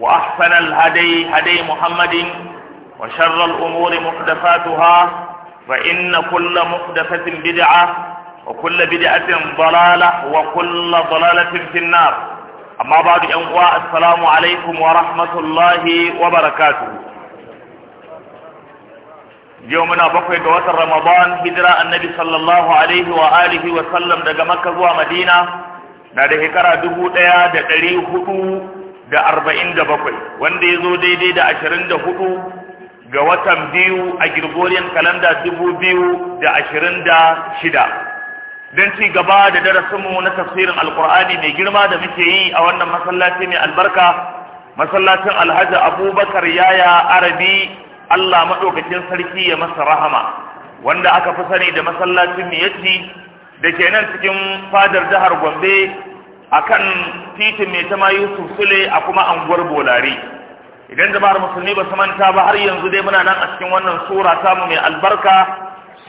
وأحسن الهدي هدي محمد وشر الأمور محدثاتها فإن كل محدثة بدعة وكل بدعة ضلالة وكل ضلالة في النار أما بعد أنواع السلام عليكم ورحمة الله وبركاته يومنا بقي جوات رمضان هدراء النبي صلى الله عليه وآله وسلم دقمك مكة مدينة نادي da shekara dubu دقري خطو da arba'in da bakwai wanda ya zo daidai da ashirin da hudu ga watan biyu a Gregorian kalanda dubu biyu da ashirin da shida don ci gaba da darasinmu na tafsirin alkur'ani mai girma da muke yi a wannan masallaci mai albarka masallacin alhaji abubakar yaya arabi allah maɗaukacin sarki ya masa rahama wanda aka fi sani da masallacin miyatti da ke nan cikin fadar jihar gombe a kan titin mai tama Yusuf Sule a kuma anguwar Bolari idan jama'ar musulmi ba su manta ba har yanzu dai muna nan a cikin wannan sura ta mu mai albarka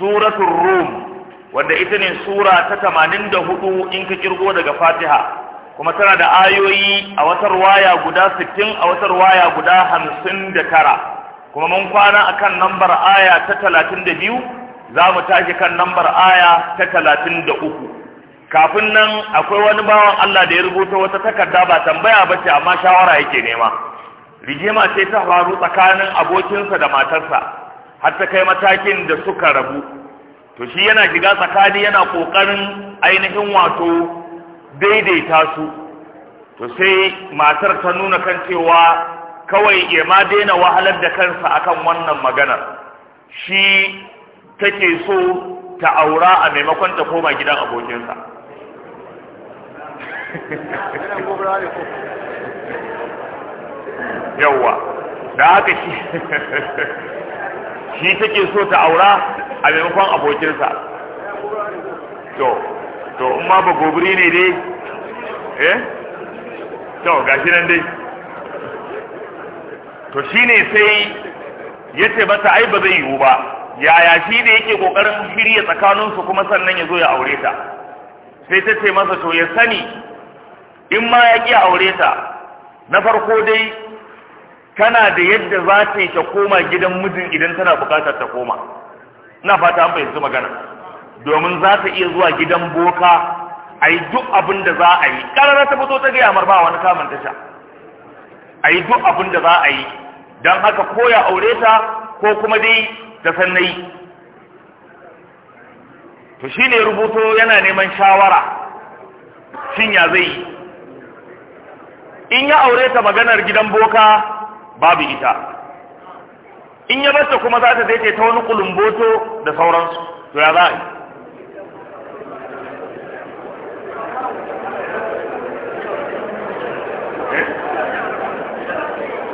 suratul Rum wanda ita ne sura ta 84 in ka kirgo daga Fatiha kuma tana da ayoyi a wata ruwaya guda 60 a wata ruwaya guda 59 kuma mun kwana akan lambar aya ta 32 za mu tashi kan lambar aya ta 33 kafin nan akwai wani bawan Allah da ya rubuta wata takarda ba tambaya ba ce amma shawara yake nema rigima sai ta faru tsakanin abokinsa da matarsa har ta kai matakin da suka rabu to shi yana shiga tsakani yana kokarin ainihin wato daidaita su to sai matar ta nuna kan cewa kawai ya ma daina wahalar da kansa akan wannan maganar shi take so ta aura a maimakon ta koma gidan abokinsa yawwa da haka shi shi take so ta aura a maimakon abokinsa to to in ma ba gobiri ne dai eh to gashi nan dai to shi ne sai ya ce mata ai ba zai yiwu ba yaya shi ne yake kokarin shirya tsakaninsu kuma sannan ya zo ya aure ta sai ta ce masa to ya sani in ma ya ƙi aure ta na farko dai tana da yadda za ta yi ta koma gidan mijin idan tana buƙatar ta koma ina fata an fahimci magana domin za ta iya zuwa gidan boka a yi duk abin da za a yi ƙarar ta fito ta gaya marba wani kamun tasha a yi duk abin da za a yi don haka koya aure ta ko kuma dai ta san na yi to shi ne rubuto yana neman shawara shin ya zai yi in ya aure ta maganar gidan boka babu ita in ya bata kuma za ta dace ta wani kulumboto da sauransu to ya za a yi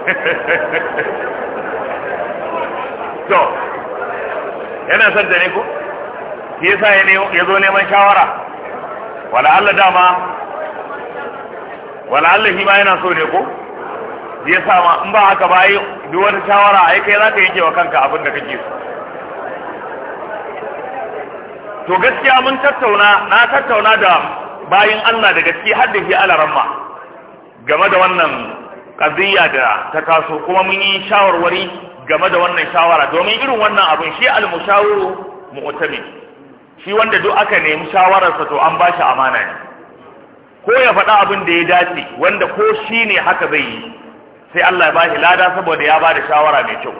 to yana son ta ne ku? ke sa ya zo neman shawara wala Allah dama wala'alla shi ma yana so ne ko ya sa ma in ba haka ba yi duk wata shawara ai kai za ka yanke wa kanka abin da kake so to gaskiya mun tattauna na tattauna da bayin Allah da gaske har da shi alaramma game da wannan ƙaziyya da ta taso kuma mun yi shawarwari game da wannan shawara domin irin wannan abin shi almushawiru mu'tamin shi wanda duk aka nemi shawararsa to an ba shi amana ne ko ya faɗa abin da ya dace wanda ko shi ne haka zai yi sai Allah ya ba shi lada saboda ya ba da shawara mai kyau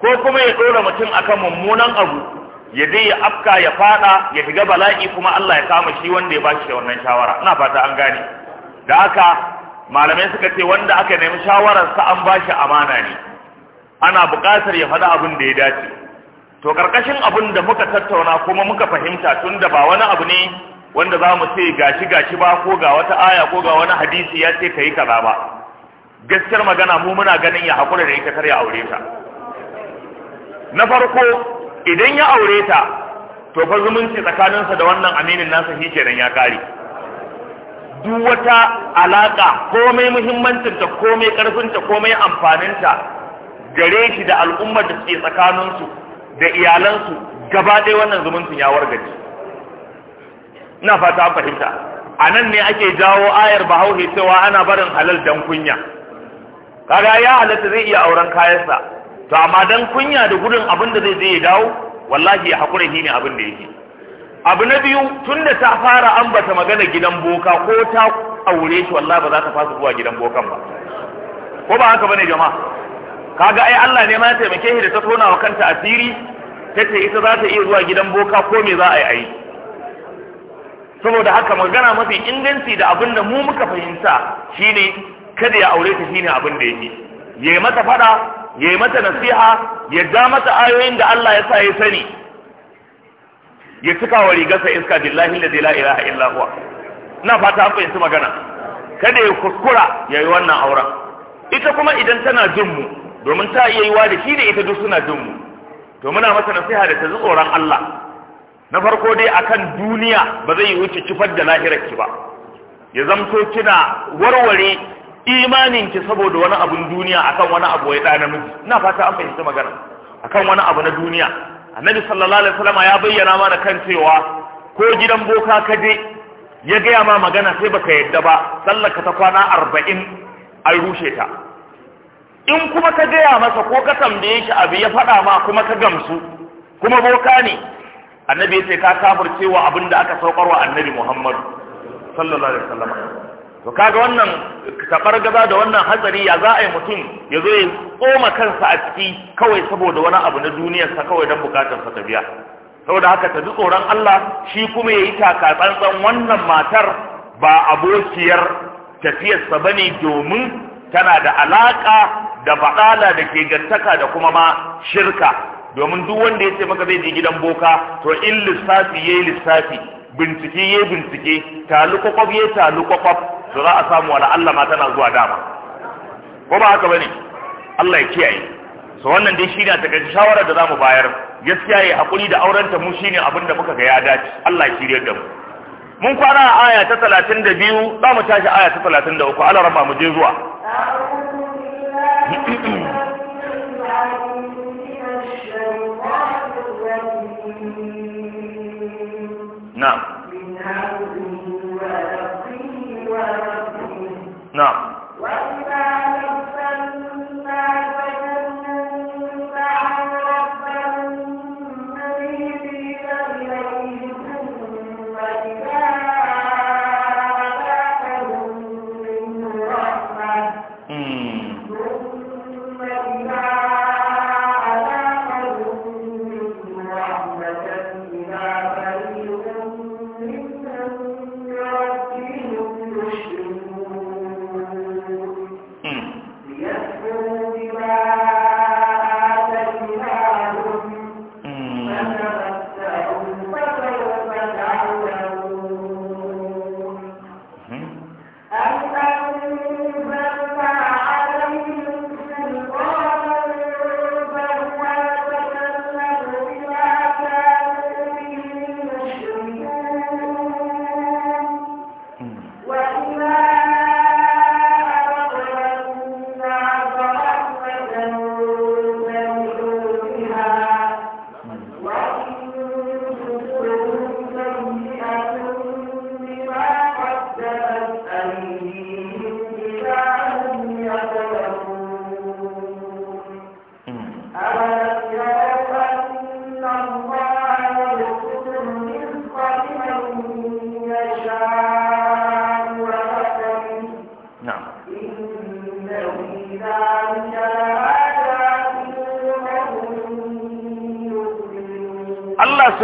ko kuma ya ɗora mutum akan mummunan abu ya je ya afka ya faɗa ya shiga bala'i kuma Allah ya kama shi wanda ya ba shi wannan shawara ina fata an gane da haka malamai suka ce wanda aka nemi sa an ba shi amana ne ana buƙatar ya faɗa abin da ya dace to karkashin abin da muka tattauna kuma muka fahimta tunda ba wani abu ne wanda za mu ce gashi gashi ba ko ga wata aya ko ga wani hadisi ya ce ka yi kaza ba gaskiyar magana mu muna ganin ya haƙura da ita kar ya aure ta na farko idan ya aure ta to fa zumunci tsakaninsa da wannan aminin nasa shi kenan ya kare duk wata alaka komai muhimmancinta komai ta komai amfaninta gare shi da al'ummar da suke tsakaninsu da iyalansu gaba ɗaya wannan zumuncin ya wargaje ina fata an fahimta a nan ne ake jawo ayar bahauhe cewa ana barin halal dan kunya kaga ya halatta zai iya auren kayansa to amma dan kunya da gudun abin da zai zai dawo wallahi ya hakura ne abin da yake abu na biyu tun da ta fara ambata magana gidan boka ko ta aure shi wallahi ba za ta fasa zuwa gidan bokan ba ko ba haka bane jama'a kaga ai Allah ne ma ya taimake shi da ta tona wa kanta asiri tace ita za ta iya zuwa gidan boka ko me za a yi a yi saboda haka magana mafi inganci da abin da mu muka fahimta shine kada ya aure ta shine abin da yake ya yi mata fada ya yi mata nasiha ya ja mata ayoyin da Allah ya sa ya sani ya cika wa rigarsa iska billahi da la ilaha illa huwa na fata an fahimci magana kada ya kuskura ya yi wannan auren ita kuma idan tana jin mu domin ta iya yi wa da shi da ita duk suna jin mu to muna masa nasiha da ta ji tsoron Allah na farko dai akan duniya ba zai yi wuce cifar da lahirarki ba ya zamto kina warware imaninki saboda wani abun duniya akan wani abu ya ɗa namiji ina fata an fahimta magana akan wani abu na duniya annabi sallallahu alaihi wasallam ya bayyana mana kan cewa ko gidan boka ka je ya gaya ma magana sai baka yadda ba sallaka ta kwana arba'in an rushe ta in kuma ka gaya masa ko ka tambaye shi abu ya faɗa ma kuma ka gamsu kuma boka ne annabi yace ka kafircewa abin da aka saukar wa annabi Muhammadu sallallahu alaihi wasallam to kaga wannan tabar gaza da wannan hatsari ya za a yi mutum ya zo ya tsoma kansa a ciki kawai saboda wani abu na duniyarsa kawai don bukatar sa ta biya saboda haka ta ji tsoron Allah shi kuma ya yi taka tsantsan wannan matar ba abokiyar tafiyarsa ba ne domin tana da alaƙa da baƙala da ke gantaka da kuma ma shirka domin duk wanda ya ce maka zai je gidan boka to in lissafi yayi lissafi bincike yayi bincike talu kwakwaf yayi talu kwakwaf to za a samu wala Allah ma tana zuwa dama ko ba haka bane Allah ya kiyaye so wannan dai shine ta gaji shawara da zamu bayar gaskiya yi hakuri da aurenta mu shine abin da muka ga ya dace Allah ya kiyaye da mu mun kwana a aya ta 32 za mu tashi aya ta 33 Allah rabba mu je zuwa نعم نعم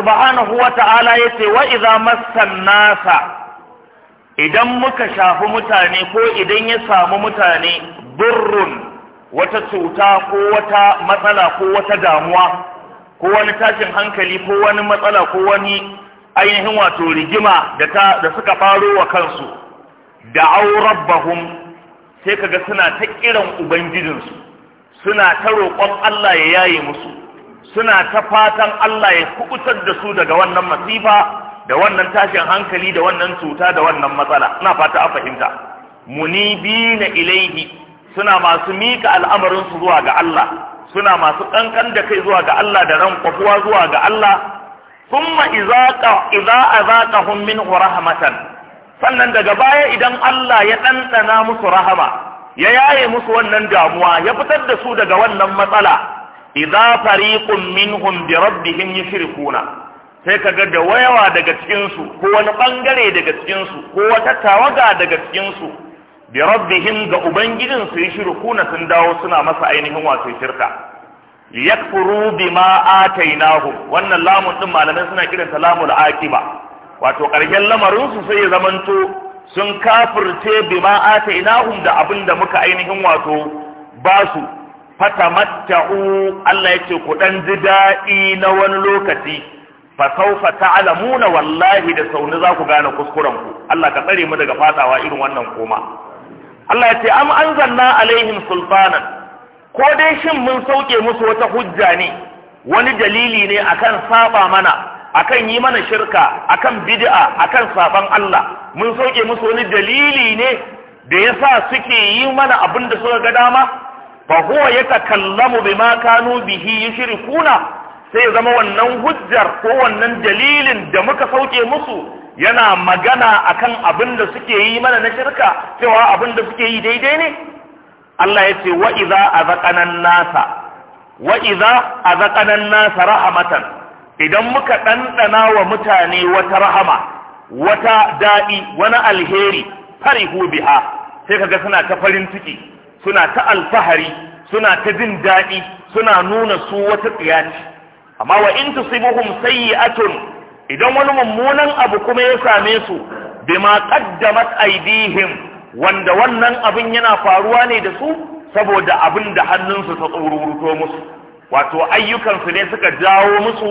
subhanahu wa ta'ala ya ce wa iza massan nasa idan muka shafi mutane ko idan ya samu mutane burrun wata cuta ko wata matsala ko wata damuwa ko wani tashin hankali ko wani matsala ko wani ainihin wato rigima da ta da suka faro wa kansu da rabbahum sai kaga suna ta kiran ubangijinsu suna ta roƙon Allah ya yaye musu suna ta fatan Allah ya kubutar da su daga wannan masifa da wannan tashin hankali da wannan cuta da wannan matsala ina fata a fahimta na ilaihi suna masu mika al'amarin su zuwa ga Allah suna masu kankan da kai zuwa ga Allah da ran kwafuwa zuwa ga Allah thumma idza idza azaqahum minhu rahmatan sannan daga baya idan Allah ya ɗanɗana musu rahama ya yaye musu wannan damuwa ya fitar da su daga wannan matsala idza fariqun minhum bi rabbihim yushrikuna sai kaga da wayawa daga cikin su ko wani bangare daga cikin su ko wata tawaga daga cikin su bi rabbihim ga ubangijin su yushrikuna sun dawo suna masa ainihin wato shirka yakfuru bima atainahum wannan lamun din malamai suna ta lamul akiba. wato karshen lamarin su sai ya zamanto sun kafirce bima atainahum da abinda muka ainihin wato basu fatamatta'u Allah yace ku dan ji daɗi na wani lokaci fa sawfa ta'lamuna wallahi da sauni za ku gane kuskuren ku Allah ka tsare mu daga fatawa irin wannan koma Allah yace am anzalna alaihim sultanan ko dai shin mun sauke musu wata hujja ne wani dalili ne akan saba mana akan yi mana shirka akan bid'a akan saban Allah mun sauke musu wani dalili ne da yasa suke yi mana abin da suka ga dama fa huwa yatakallamu bima kanu bihi yushrikuna sai zama wannan hujjar ko wannan dalilin da muka sauke musu yana magana akan abin da suke yi mana na shirka cewa abin da suke yi daidai ne Allah ya ce wa'iza a azaqanan nasa wa a azaqanan nasa rahamatan idan muka ɗanɗana wa mutane wata rahama wata daɗi, wani alheri farihu biha sai kaga suna ta farin ciki suna ta alfahari suna ta jin daɗi suna nuna su wata tsiyaci amma wa in tusibuhum sayyi'atun idan wani mummunan abu kuma ya same su bima qaddamat aydihim wanda wannan abin yana faruwa ne da su saboda abin da hannunsu ta tsururuto musu wato ayyukansu ne suka jawo musu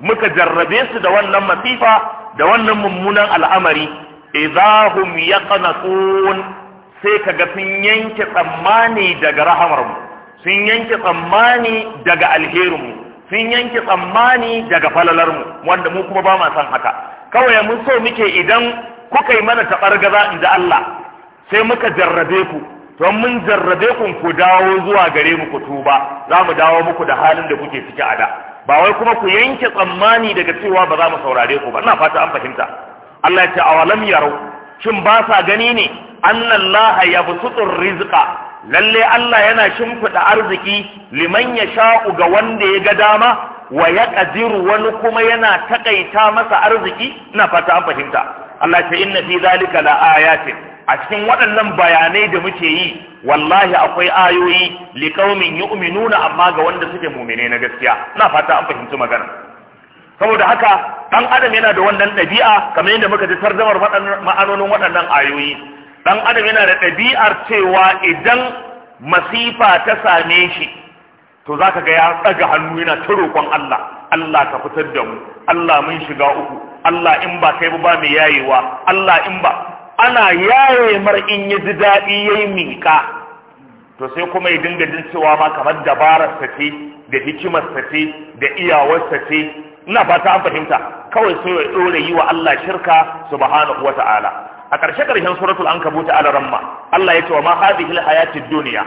muka jarrabe su da wannan masifa da wannan mummunan al'amari idahum yaqnatun sai ka ga sun yanke tsammani daga rahamarmu sun yanke tsammani daga alherinmu sun yanke tsammani daga falalarmu wanda mu kuma ba ma san haka kawai mun so muke idan kuka yi mana taɓargaza inda Allah sai muka jarrabe ku to mun jarrabe ku ku dawo zuwa gare mu ku tuba za mu dawo muku da halin da kuke ciki a da ba wai kuma ku yanke tsammani daga cewa ba za mu saurare ku ba ina fata an fahimta Allah ya ce awalam yarau shin ba sa gani ne annallaha yabsutur rizika. lalle Allah yana shimfida arziki liman ya sha'u ga wanda ya ga dama wa ya yaqdiru wani kuma yana taƙaita masa arziki ina fata an fahimta Allah ce inna fi zalika la ayatin a cikin waɗannan bayanai da muke yi wallahi akwai ayoyi liqaumin yu'minuna amma ga wanda suke mu'mine na gaskiya ina fata an fahimci magana saboda haka dan adam yana da wannan ɗabi'a kamar yadda muka ji tarjamar ma'anonin waɗannan ayoyi dan adam yana da ɗabi'ar cewa idan masifa ta same shi to zaka ga ya tsaga hannu yana ta roƙon Allah Allah ka fitar da mu Allah mun shiga uku Allah in ba kai ba mai yayewa Allah in ba ana yaye mar in yi ji daɗi ya yi miƙa to sai kuma ya dinga jin cewa ma kamar dabarar ce da hikimar ce da iyawar ce ina fata an fahimta kawai sai ya dore yi wa Allah shirka subhanahu ta'ala. a ƙarshe ƙarshen suratul ankabut ala ramma Allah ya ce wa ma hadhihi alhayatid dunya duniya.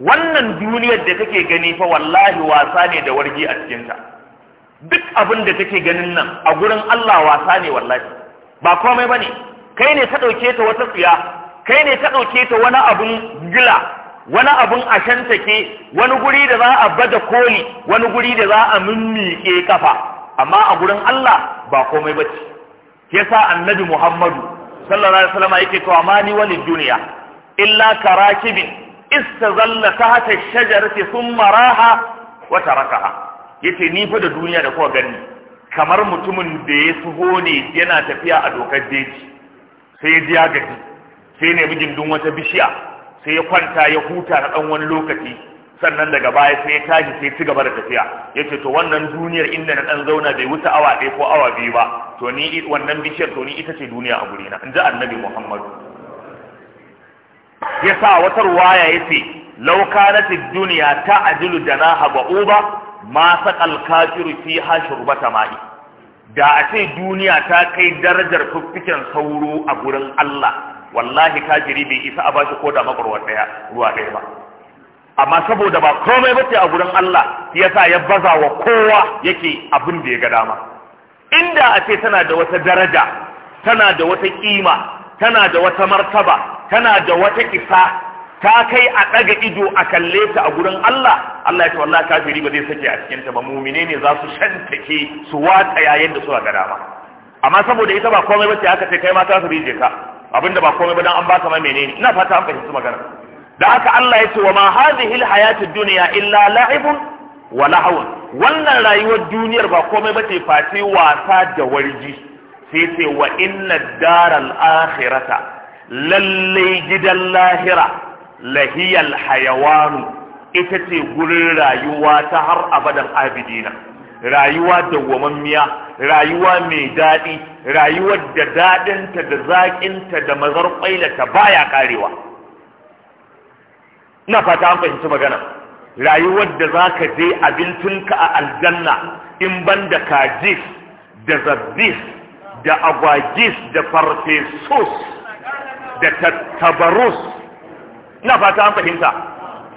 wannan duniyar da kake gani fa wallahi wasa ne da wargi a cikinta duk abin da kake ganin nan a gurin Allah wasa ne wallahi ba komai bane kai ne ka dauke ta wata tsiya kai ne ka dauke ta wani abun gila wani abun ashantake wani guri da za a bada koli wani guri da za a mimmike kafa amma a gurin Allah ba komai bace yasa annabi Muhammadu sallallahu alaihi wasallam yake cewa ni walid duniya illa karakibin istazalla tahta shajarati thumma raha wa tarakaha yace ni fa da duniya da kuka gani kamar mutumin da ya suho ne yana tafiya a dokar jeji sai ya ji ya gaji sai ne dun wata bishiya sai ya kwanta ya huta na dan wani lokaci sannan daga baya sai ya tashi sai ci gaba da tafiya yace to wannan duniyar inda na dan zauna bai wuce awa ɗaya ko awa biyu ba to ni wannan bishiyar to ni ita ce duniya a guri in ji annabi muhammadu yasa wata ruwaya yace law kanat ad-dunya ta'dilu janaha Uba, ma saqal kafiru fi shurbata ma'i da a ce duniya ta kai darajar fiffiken sauro a gurin Allah wallahi kafiri bai isa a bashi ko da makarwa daya ruwa daya ba amma saboda ba komai bace a gurin Allah yasa ya baza wa kowa yake abin da ya ga dama inda a ce tana da wata daraja tana da wata kima tana da wata martaba tana da wata isa ta kai a ɗaga ido a kalle ta a gurin Allah Allah ya ce wallahi kafiri ba zai sake a cikin ta ba mu'mine ne za su shantake su watsa yayin da suka ga dama amma saboda ita ba komai ba sai aka ce kai ma ta su rije ka abinda ba komai ba dan an baka mai menene ina fata an fahimci magana da haka Allah ya ce wa ma hadhihi alhayatu dunya illa la'ibun wa lahawun wannan rayuwar duniyar ba komai ba ce face wasa da warji sai ce wa inna daral akhirata lallai gidan lahira lahiyar hayawanu ita ce gurin rayuwa ta har abadan abidina rayuwa dawwamammiya rayuwa mai daɗi rayuwar da daɗinta da zaƙinta da mazarƙwailata baya ƙarewa na fata an fahimci magana rayuwar da za ka je abincinka a aljanna in ban da kajis da zabbis da agwagis da farfesus da tabarus ina fata an fahimta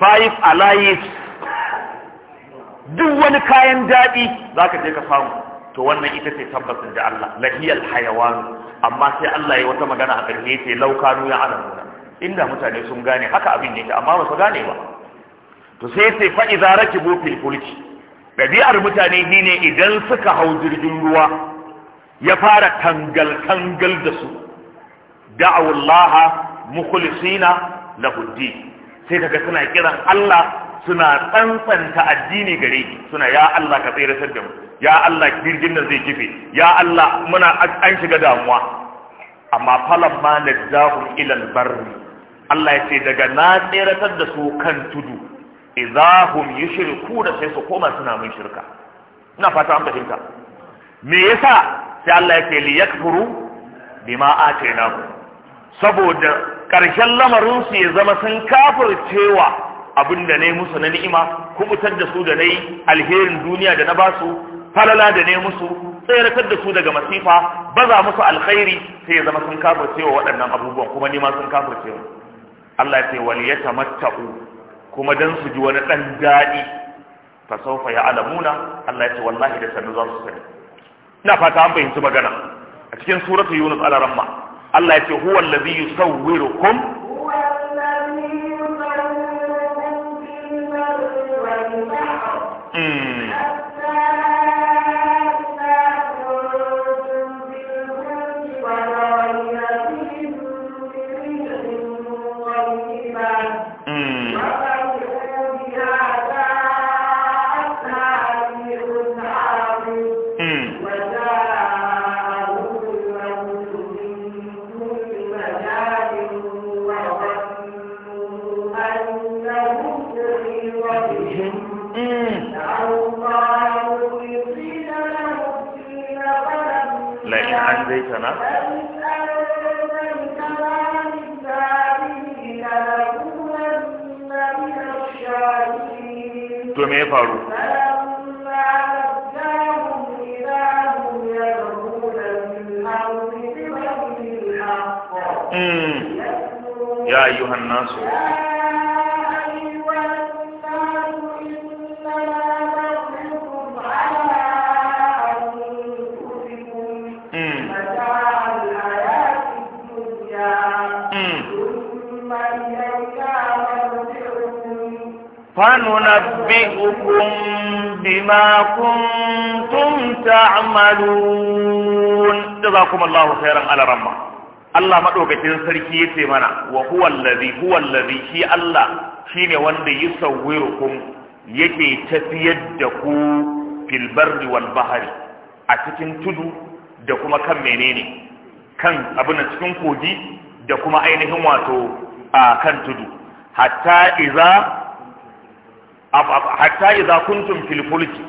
five alive duk wani kayan daɗi za ka je ka samu to wannan ita ce tabbasin da Allah lahiyal hayawan amma sai Allah ya wata magana a ƙarshe ce laukanu ya alamuna inda mutane sun gane haka abin ne amma ba su gane ba to sai sai fa idza rakibu fil fulki dabi'ar mutane ne idan suka hau jirgin ruwa ya fara tangal tangal da su da'awu Allah mukhlisina lahu din sai kaga suna kiran Allah suna tsantsanta addini gare shi suna ya Allah ka tsere da mu ya Allah jirgin nan zai kife ya Allah muna an shiga damuwa amma falan ma najahum ila albarri Allah ya ce daga na tsere da su kan tudu idahum yushriku da sai su koma suna mun shirka ina fata an fahimta me yasa sai Allah ya ce liyakfuru bima atainahu saboda ƙarshen lamarinsu ya zama sun kafircewa abin da na musu na ni'ima kubutar da su da na alherin duniya da na ba su falala da na musu tsayarkar da su daga masifa baza musu alkhairi sai ya zama sun kafircewa waɗannan abubuwan kuma ma sun kafircewa Allah ya ce wal yatamatta'u kuma dan su ji wani dan daɗi fa sawfa ya'lamuna Allah ya ce wallahi da sanin za su sani ina fata an fahimci magana a cikin suratul yunus ala ramma Allah ya ce huwa allazi yusawwirukum Mm. to me ya faru hmm. ya ayyuhan nasu فننبئكم بما كنتم تعملون جزاكم الله خيرا على رمى Allah madaukakin sarki yace mana wa huwa allazi shi Allah shine wanda yusawwirukum yake tafiyar da da kuma kan menene kan abin cikin kogi da kuma ainihin wato a kan tudu hatta iza hatta idza kuntum fil fulki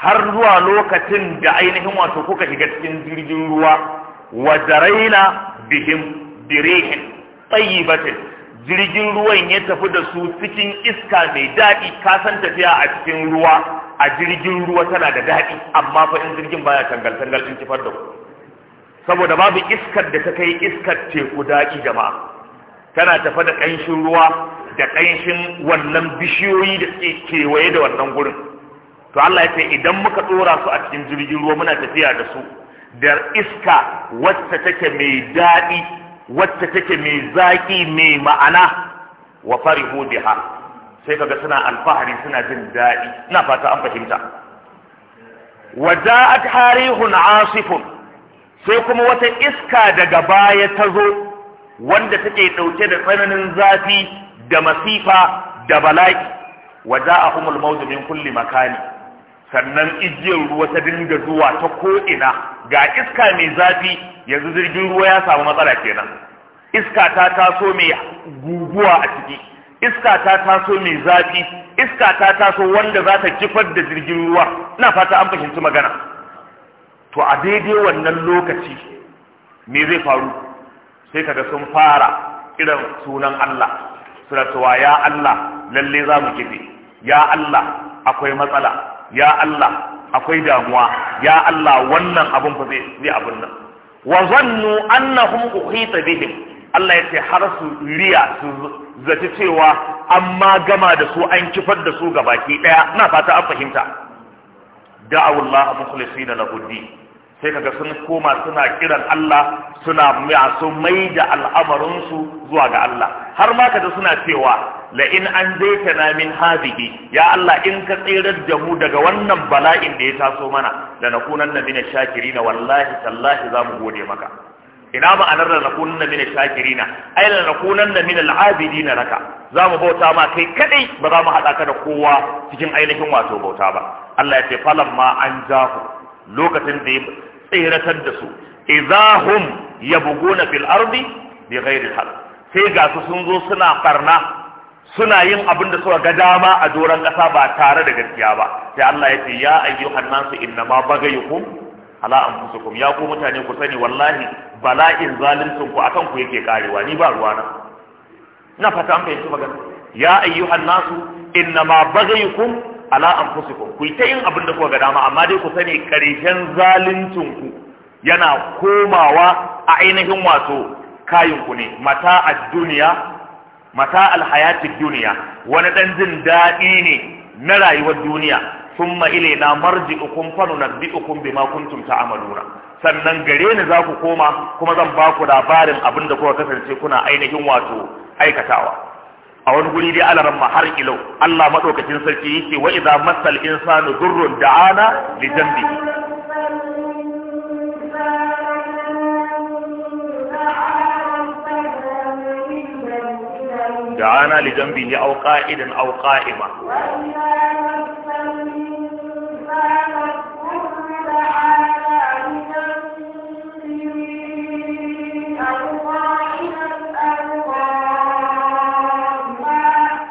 har zuwa lokacin da ainihin wato kuka shiga cikin jirgin ruwa wa daraina bihim birihin tayyibatin jirgin ruwan ya tafi da su cikin iska mai daɗi ka san tafiya a cikin ruwa a jirgin ruwa tana da daɗi amma fa in jirgin baya tangal tangal in kifar da ku saboda babu iskar da ta kai iskar teku daɗi jama'a tana tafi da ƙanshin ruwa da ƙanshin wannan bishiyoyi da suke kewaye da wannan gurin to Allah ya ce idan muka tsora su a cikin jirgin ruwa muna tafiya da su da iska wacce take mai daɗi wacce take mai zaƙi mai ma'ana wa farihu biha sai kaga suna alfahari suna jin daɗi ina fata an fahimta wa ja'at harihun asifun sai kuma wata iska daga baya ta zo wanda take ɗauke da tsananin zafi da masifa da bala'i wa a mawju min kulli makani sannan igiyar ruwa ta dinga zuwa ta ko'ina ga iska mai zafi yanzu jirgin ruwa ya samu matsala kenan iska ta taso mai guguwa a ciki iska ta taso mai zafi iska ta taso wanda za ta kifar da jirgin ruwa na fata an fahimci magana to a daidai wannan lokaci me zai faru sai kaga sun fara irin sunan Allah suna cewa ya Allah lalle za mu kife ya Allah akwai matsala ya Allah akwai damuwa ya Allah wannan abun fa zai zai abun nan wa zannu annahum uhita bihim Allah ya ce har su riya su zaci cewa amma gama da su an kifar da su gabaki daya na fata an fahimta da'awullah mukhlisina lahu din sai kaga sun koma suna kiran Allah suna masu mai da al'amarinsu zuwa ga Allah har ma kaga suna cewa la in an na min hadhihi ya Allah in ka tsirar da mu daga wannan bala'in da ya taso mana da nakunanna min ash-shakirin wallahi tallahi za mu gode maka ina ma'anar da nakunanna min ash da na kunan nakunanna min al na laka za mu bauta ma kai kadai ba za mu haɗa ka da kowa cikin ainihin wato bauta ba Allah ya ce falamma an jahu lokacin da tseratar da su idahum na fil ardi bighairi al sai ga su sun zo suna farna suna yin abin da suka ga dama a doron ƙasa ba tare da gaskiya ba sai Allah ya ce ya ayyuhan nasu innama bagayukum ala anfusukum ya ku mutane ku sani wallahi bala'in zaluncin ku akan ku yake karewa ni ba ruwa na na fata an fahimci magana ya ayyuhan inna ma bagayukum ala anfusikum ku ta yin abin da kuka ga dama amma dai ku sani karshen zaluncin ku yana komawa a ainihin wato kayin ku ne mata ad duniya mata al-hayatid wani dan jin daɗi ne na rayuwar duniya thumma ilaina marji'ukum ukun nunabbi'ukum bima kuntum ta'maluna sannan gare ni za ku koma kuma zan ba ku labarin abin da kuka kasance kuna ainihin wato aikatawa a wani guri dai alaran ma har ilo Allah madaukakin sarki yake wa idza masal insanu durrun da'ana li janbihi da'ana li ya au qa'idan au qa'ima wa idza masal insanu durrun da'ana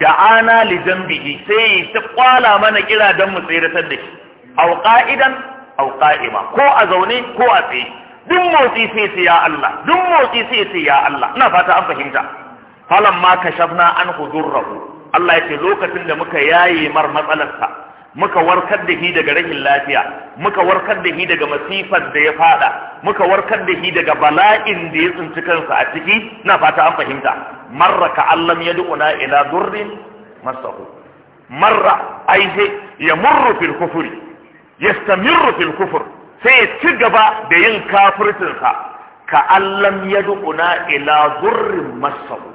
da'ana li zambihi sai ta kwala mana kira dan mu tsiratar da shi aw qa'idan aw qa'ima ko a zaune ko a tsaye duk motsi sai sai ya Allah duk motsi sai sai ya Allah ina fata an fahimta falamma kashafna an hudurrahu Allah ya ce lokacin da muka yaye mar matsalarsa muka warkar da shi daga rashin lafiya muka warkar da shi daga masifar da ya fada muka warkar da shi daga bala'in da ya tsinci kansa a ciki na fata an fahimta marra ka allam yad'una ila durrin masahu marra aihe ya murru fil kufri yastamirru fil kufur. sai ya ci gaba da yin kafircin sa ka allam yad'una ila durrin masahu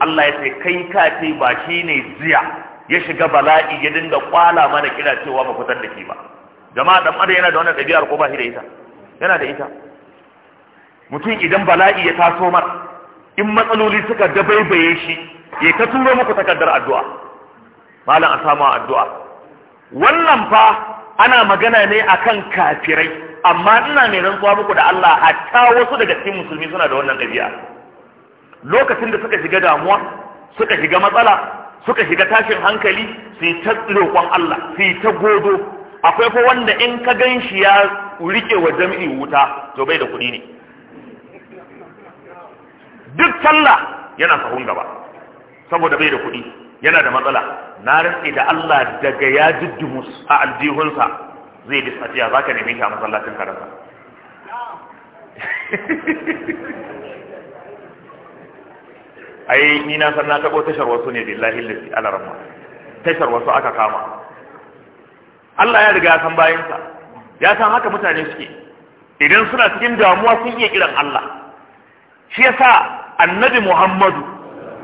Allah ya ce kai ka ce ba shine ziya ya shiga bala'i ya dinga kwala mana kira cewa ba fitar da ke ba jama'a dan adam yana da wannan ɗabi'ar ko ba shi da ita yana da ita mutum idan bala'i ya taso mar in matsaloli suka dabaibaye shi ya ta turo muku takardar addu'a malam a samu addu'a wannan fa ana magana ne akan kafirai amma ina mai rantsuwa muku da Allah hatta wasu daga cikin musulmi suna da wannan dabi'a lokacin da suka shiga damuwa suka shiga matsala suka shiga tashin hankali su ta roƙon Allah su ta godo akwai fa wanda in ka gan shi ya rike wa jami'i wuta to bai da kuɗi ne duk sallah yana sahun gaba saboda bai da kuɗi yana da matsala na rantsi da Allah daga ya jiddimu a aljihunsa zai disafiya za ka neme shi a masallacin karansa ai ni na san na tabo tashar wasu ne billahi lillahi ala ramma tashar wasu aka kama Allah ya riga san bayansa ya san haka mutane suke idan suna cikin damuwa sun iya kiran Allah shi yasa annabi Muhammadu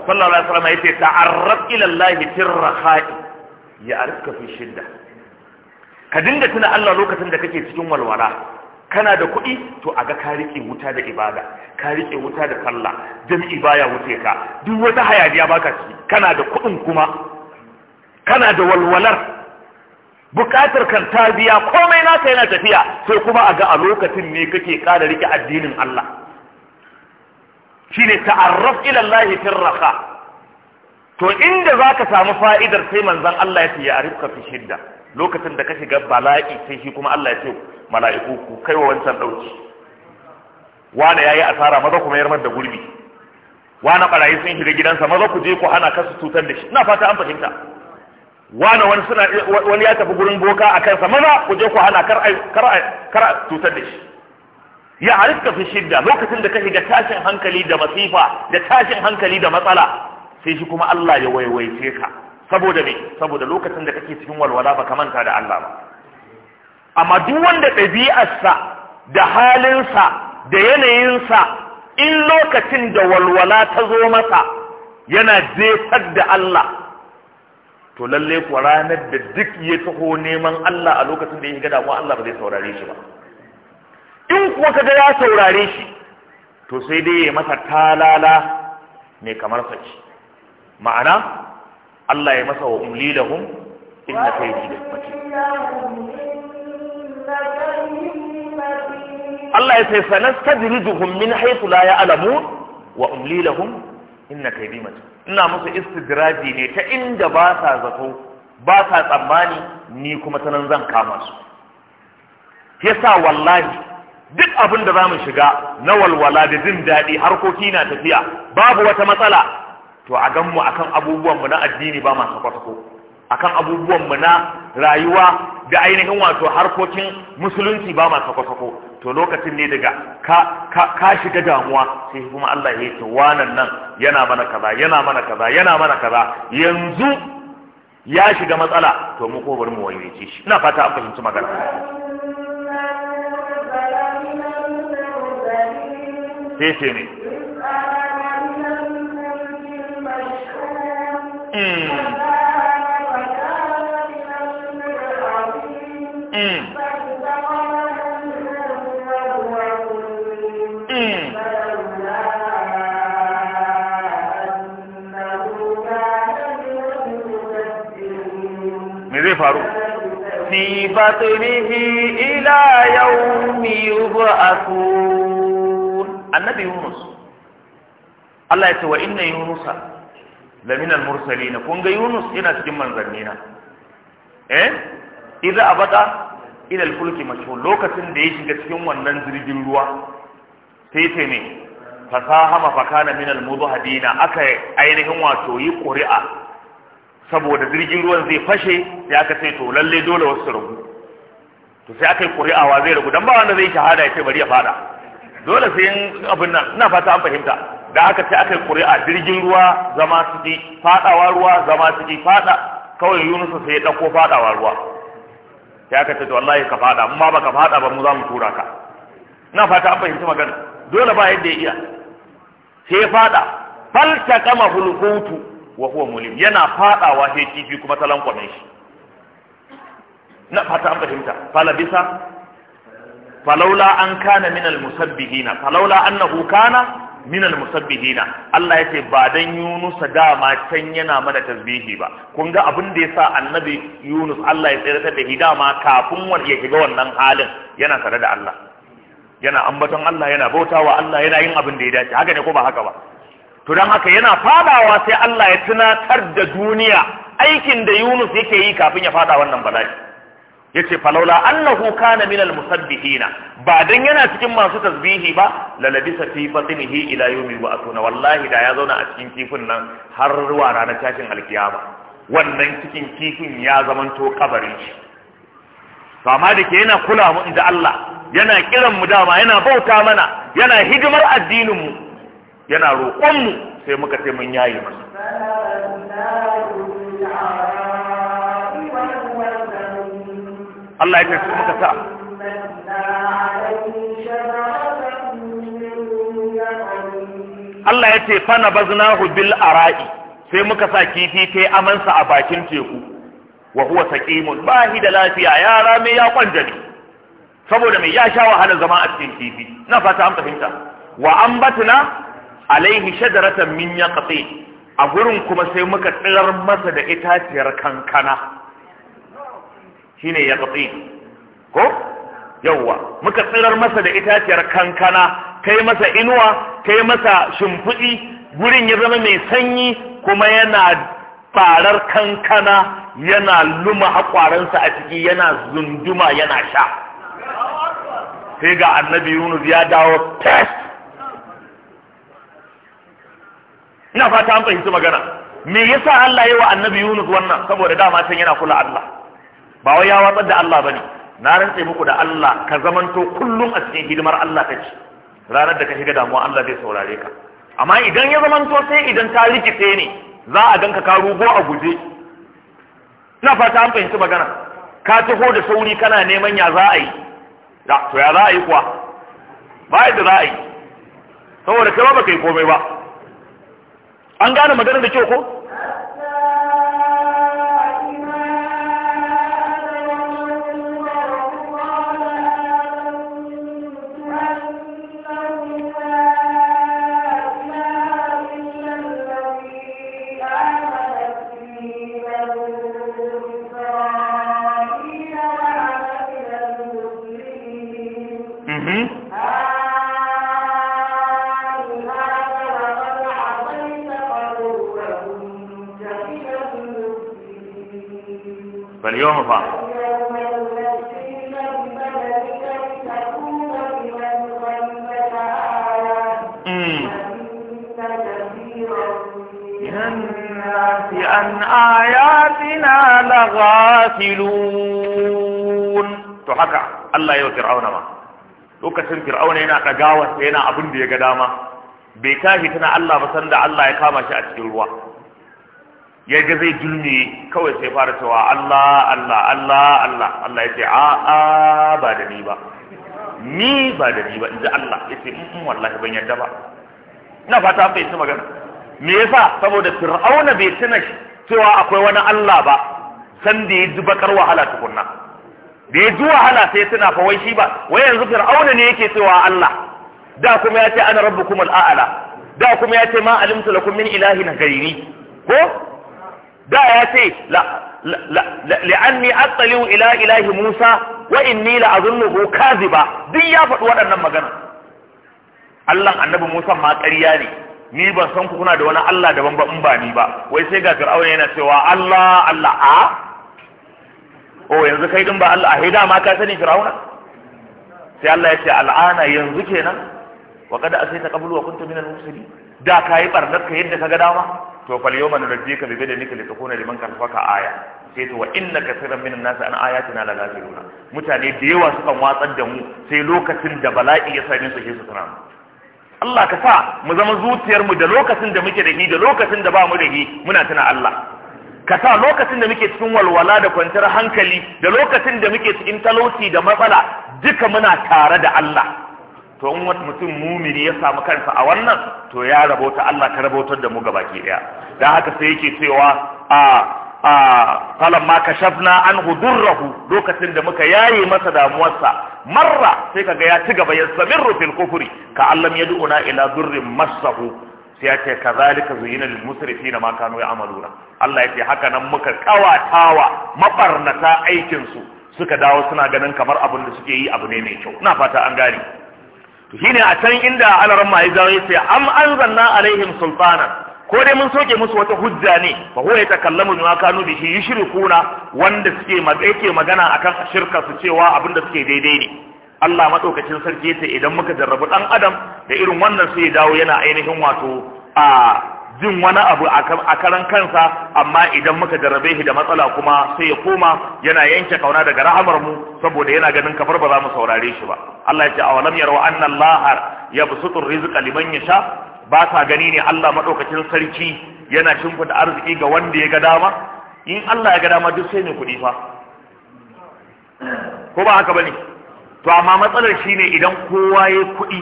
sallallahu alaihi wasallam yace ta'arraf ila Allah tirraha'i ya arifka fi shidda ka dinga tuna Allah lokacin da kake cikin walwala kana da kuɗi to a ga ka wuta da ibada ka riƙe wuta da sallah jami'i baya wuce ka duk wata hayaniya baka ciki kana da kuɗin kuma kana da walwalar Buƙatar kan ta biya komai naka yana tafiya sai kuma a ga a lokacin ne kake ƙara rike addinin Allah shine ta'arraf ilallahi Allah to inda zaka samu fa'idar sai manzon Allah ya ce ya arifka fi shidda lokacin da ka shiga bala'i sai shi kuma Allah ya ce mala'iku ku kai wa wancan ɗauki wane ya yi asara maza ku mayar da gurbi wane barayi sun shiga gidansa maza ku je ku hana kasu cutar da shi ina fata an fahimta wane wani suna wani ya tafi gurin boka a kansa maza ku je ku hana kar kar cutar da shi ya halitta fi shidda lokacin da ka da tashin hankali da masifa da tashin hankali da matsala sai shi kuma Allah ya waiwaice ka saboda me saboda lokacin da kake cikin walwala ba ka manta da Allah ba amma duk wanda ɗabi'arsa da halinsa da yanayinsa in lokacin da walwala ta zo masa yana jefar da Allah to lalle kuwa ranar da duk ya taho neman Allah a lokacin da ya gada, ko Allah ba zai saurare shi ba in kuwa kaga ya saurare shi to sai dai ya masa talala ne kamar saki ma'ana Allah ya masa wa umli lahum inna kaydi Allah ya ce sanastadrijuhum min haifu la alamu wa umli lahum inna bi mace. ina musu istidraji ne ta inda ba sa zato ba sa tsammani ni kuma ta nan zan kama su Ya sa wallahi duk abin da mu shiga na walwala da jin daɗi harkoki na tafiya babu wata matsala to a gan mu akan abubuwan mu na addini ba masu kwatako akan abubuwan mu na rayuwa da ainihin wato harkokin musulunci ba ma sako to lokacin ne daga ka shiga damuwa sai kuma Allah ya ce wannan nan yana mana kaza yana mana kaza yana mana kaza yanzu ya shiga matsala to mu kobar bari mu wayoyi shi ina fata an fahimci magana sai ce ne Mm. me faru fi batnihi ila yawmi yub'athun annabi yunus Allah ya ce wa inna yunusa la minal mursalin kun ga yunus yana cikin manzannina eh idza abada ila alfulki fulki mashhur lokacin da ya shiga cikin wannan jirgin ruwa sai sai ne fasahama fakana min almudhadina aka ainihin wato yi qur'a saboda jirgin ruwan zai fashe sai aka ce to lalle dole wasu rubu to sai aka yi qur'a wa zai rubu dan ba wanda zai shahada ya ce bari ya fada dole sai abin nan ina fata an fahimta da aka ce aka yi qur'a jirgin ruwa zama su suke fadawa ruwa zama su ji fada kawai yunusa sai ya dauko fadawa ruwa sai aka ce to wallahi ka fada mun ma baka fada ba mu za mu tura ka ina fata an fahimci magana dole ba yadda ya iya sai ya fada falta kama hulhutu wa huwa mulim yana fadawa sai kifi kuma talan kwamin shi na fata an fahimta fala bisa falaula an kana minal al musabbihina falaula annahu kana al musabbihina Allah yace ba dan Yunus dama can yana mana tasbihi ba kun ga abin da yasa annabi Yunus Allah ya tsere da hidama kafin wa ya shiga wannan halin yana tare da Allah yana ambaton Allah yana bautawa Allah yana yin abin da ya dace haka ne ko ba haka ba to dan haka yana fadawa sai Allah ya tunatar da duniya aikin da Yunus yake yi kafin ya fada wannan bala'i yace falaula annahu kana minal musabbihina ba dan yana cikin masu tasbihi ba lalabisa fi batnihi ila yawmi ba'thuna wallahi da ya zauna a cikin kifin nan har zuwa ranar tashin alkiyama wannan cikin kifin ya zamanto kabarin shi to amma da ke yana kula mu da Allah yana kiran mu dama yana bauta mana yana hidimar addinin mu yana roƙon mu sai muka ce mun yayi masa Allah ya ce muka sa Allah ya ce fana baznahu bil ara'i sai muka sa kifi ta yi amansa a bakin teku wa huwa saqimun bahi da lafiya ya rame ya ne. saboda mai ya sha wahalar zama a cikin kifi na fata an fahimta wa ambatna alaihi shajaratan min yaqti a gurin kuma sai muka tsirar masa da itaciyar kankana shine ya tsatsi ko yawwa muka tsirar masa da itaciyar kankana yi masa inuwa yi masa shimfiɗi gurin ya zama mai sanyi kuma yana farar kankana yana luma haƙwaransa a ciki yana zunduma yana sha sai ga annabi yunus ya dawo test ina fata an fahimci magana me yasa Allah yi wa annabi yunus wannan saboda dama can yana kula Allah ba wai ya watsar da Allah bane na rantse muku da Allah ka zamanto kullum a cikin hidimar Allah kace ranar da ka shiga damuwa Allah zai saurare ka amma idan ya zamanto sai idan ta rikice ne za a ganka ka rugo a guje ina fata an fahimci magana ka taho da sauri kana neman ya za a yi da to ya za a yi kuwa ba yadda za a yi saboda kai ba baka yi komai ba an gane maganar da kyau ko اليوم فاطمة أن آياتنا لغافلون تحكى الله يو فرعون ما وكسن فرعون هنا قجاوة هنا أبن دي قداما بيكاهي تنا الله بسند الله يكاما شاء تلوى ya ga zai dulme kawai sai fara cewa Allah Allah Allah Allah Allah ya ce a a ba da ni ba ni ba da ni ba inji Allah ya ce in wallahi ban yarda ba ina fata bai ci magana me yasa saboda fir'auna bai tuna cewa akwai wani Allah ba san da ya ji bakar wahala tukunna da ya ji wahala sai tuna fa wai shi ba wai yanzu fir'auna ne yake cewa Allah da kuma ya ce ana rabbukum a'ala da kuma ya ce ma alimtu lakum min ilahin ghairi ko da ya ce la'anni attaliu ila ilahi Musa wa inni kazi kaziba duk ya faɗi waɗannan magana Allah annabi Musa ma ƙarya ne ni ban san ku kuna da wani Allah daban ba in ba ni ba wai sai ga Fir'auna yana cewa Allah Allah a o yanzu kai din ba Allah a hida ma ka sani Fir'auna sai Allah ya ce al'ana yanzu kenan wa kada asaita qablu wa kunta minal mufsidin da kai barnar ka yadda ka ga dama to fal yawma nunajjika bi badanika litakuna liman khalfaka aya sai to wa inna kaseeran minan nas an ayatina la ghafiluna mutane da yawa sukan watsar da mu sai lokacin da bala'i ya same su su tana mu Allah ka sa mu zama zuciyar mu da lokacin da muke da hi da lokacin da ba mu da hi muna tuna Allah ka sa lokacin da muke cikin walwala da kwanciyar hankali da lokacin da muke cikin talauci da matsala duka muna tare da Allah to in wata mutum mumini ya samu kansa a wannan to ya rabota Allah ka rabotar da mu baki daya dan haka sai yake cewa a a falan ma kashafna an hudurrahu lokacin da muka yaye masa damuwarsa marra sai kaga ya ci gaba ya samirru fil kufri ka allam na ila durrin masahu sai ya ce kazalika zuyina lil musrifina ma kanu ya'maluna Allah ya ce haka nan muka kawatawa mabarnata aikin su suka dawo suna ganin kamar abin da suke yi abu ne mai kyau ina fata an gane shine a can inda alaran ma ya sai am anzalna alaihim sultana ko dai mun soke musu wata hujja ne fa huwa yatakallamu bima kanu bihi shi yushrikuna wanda suke yake magana akan shirka su cewa abinda suke daidai ne Allah madaukakin sarki yace idan muka jarrabu dan adam da irin wannan sai ya dawo yana ainihin wato a jin wani abu a karan kansa amma idan muka jarabe shi da matsala kuma sai ya koma yana yanke kauna daga rahamar mu saboda yana ganin kafar ba za mu saurare shi ba Allah ya ce awalam yarau anna Allah yabsutu rizqa liman yasha ba sa gani ne Allah madaukakin sarki yana shimfida arziki ga wanda ya ga dama in Allah ya ga dama duk sai ne kuɗi fa ko ba haka bane to amma matsalar shine idan kowa ya kuɗi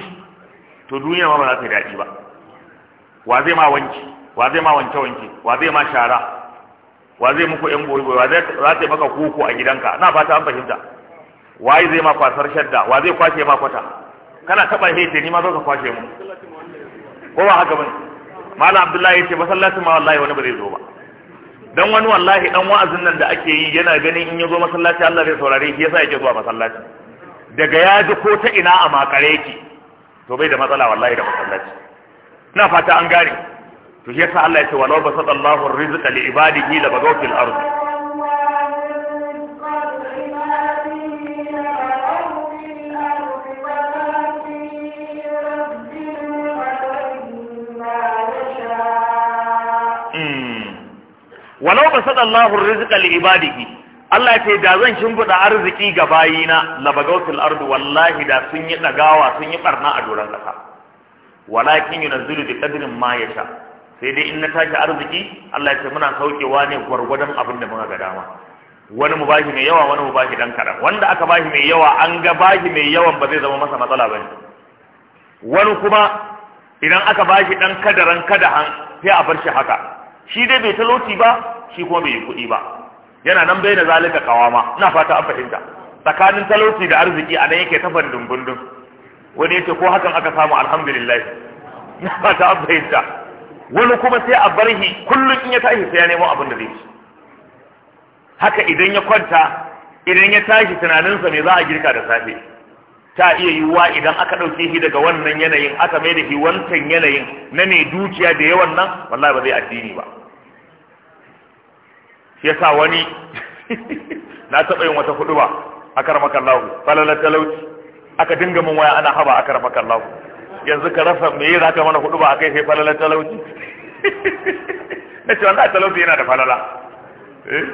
to duniya ma ba za ta daɗi ba wa zai ma wanki wa zai ma wanke wanke wa zai ma shara wa zai muku yan goyi wa zai za ta maka kuku a gidanka na fata an fahimta waye zai ma kwasar shadda wa zai kwashe ma kwata kana taba hete ni ma zo ka kwashe mu ko ba haka bane malam abdullahi yace masallacin ma wallahi wani ba zai zo ba dan wani wallahi dan wa'azin nan da ake yi yana ganin in ya zo masallaci Allah zai saurare shi yasa yake zuwa masallaci daga ya ji ko ta ina a makare ki to bai da matsala wallahi da masallaci na fata an gane to shi yasa Allah ya ce walau basadallahu ar-rizqa li ibadihi la bagaw fil ardi hmm. walau ba sada li ibadihi Allah ce da zan shimfiɗa arziki ga bayina labagautul ardu wallahi da sun yi dagawa sun yi barna a doron kasa walakin yunzilu bi qadrin ma yasha sai dai in na tashi arziki Allah ya ce muna saukewa ne gwargwadon abin da muka ga dama wani mu bashi mai yawa wani mu bashi dan kada wanda aka bashi mai yawa an ga bashi mai yawan ba zai zama masa matsala bane wani kuma idan aka bashi dan kadaran han, sai a bar shi haka shi dai bai talauci ba shi kuma bai yi kuɗi ba yana nan bai da zalika kawama ina fata an fahimta tsakanin talauci da arziki a nan yake tafan fandin wani yace ko hakan aka samu alhamdulillah ya ba ta fahimta wani kuma sai a bar kullum in ya tashi sai ya nemo abin da zai ci haka idan ya kwanta idan ya tashi tunaninsa me za a girka da safe ta iya yiwuwa idan aka ɗauke shi daga wannan yanayin aka mai da shi wancan yanayin na ne dukiya da yawan nan wallahi ba zai addini ba shi yasa wani na taɓa yin wata huɗu a karmakan lahu falala talauci aka dinga min waya ana haba aka rafa kallahu yanzu ka rafa me yi zaka mana hudu ba akai sai falalar talauci na ce wanda talauci yana da falala eh?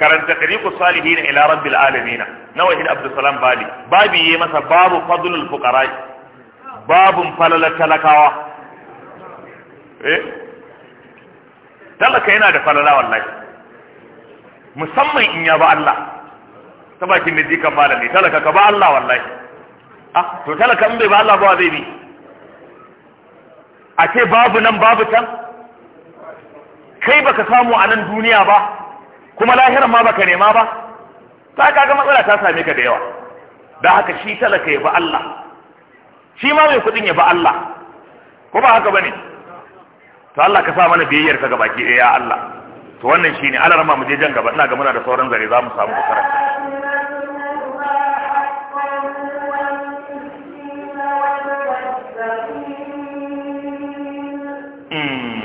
karanta tariqu salihin ila rabbil alamin na wahid salam bali babi yayi masa babu fadlul fuqara babun falalar talakawa eh? talaka yana da falala wallahi musamman in ya ba Allah sabakin da jikan malami talaka ka ba Allah wallahi ah to talaka in bai ba Allah ba zai bi a ce babu nan babu can kai baka samu a nan duniya ba kuma lahiran ma baka nema ba ta kaga matsala ta same ka da yawa da haka shi talaka ya ba Allah shi ma mai kudin ya ba Allah ko ba haka bane to Allah ka sa mana biyayyar ka gabaki ɗaya ya Allah to wannan shine alarma mu je jan gaba ina ga muna da sauran zare za mu samu karanta Hum.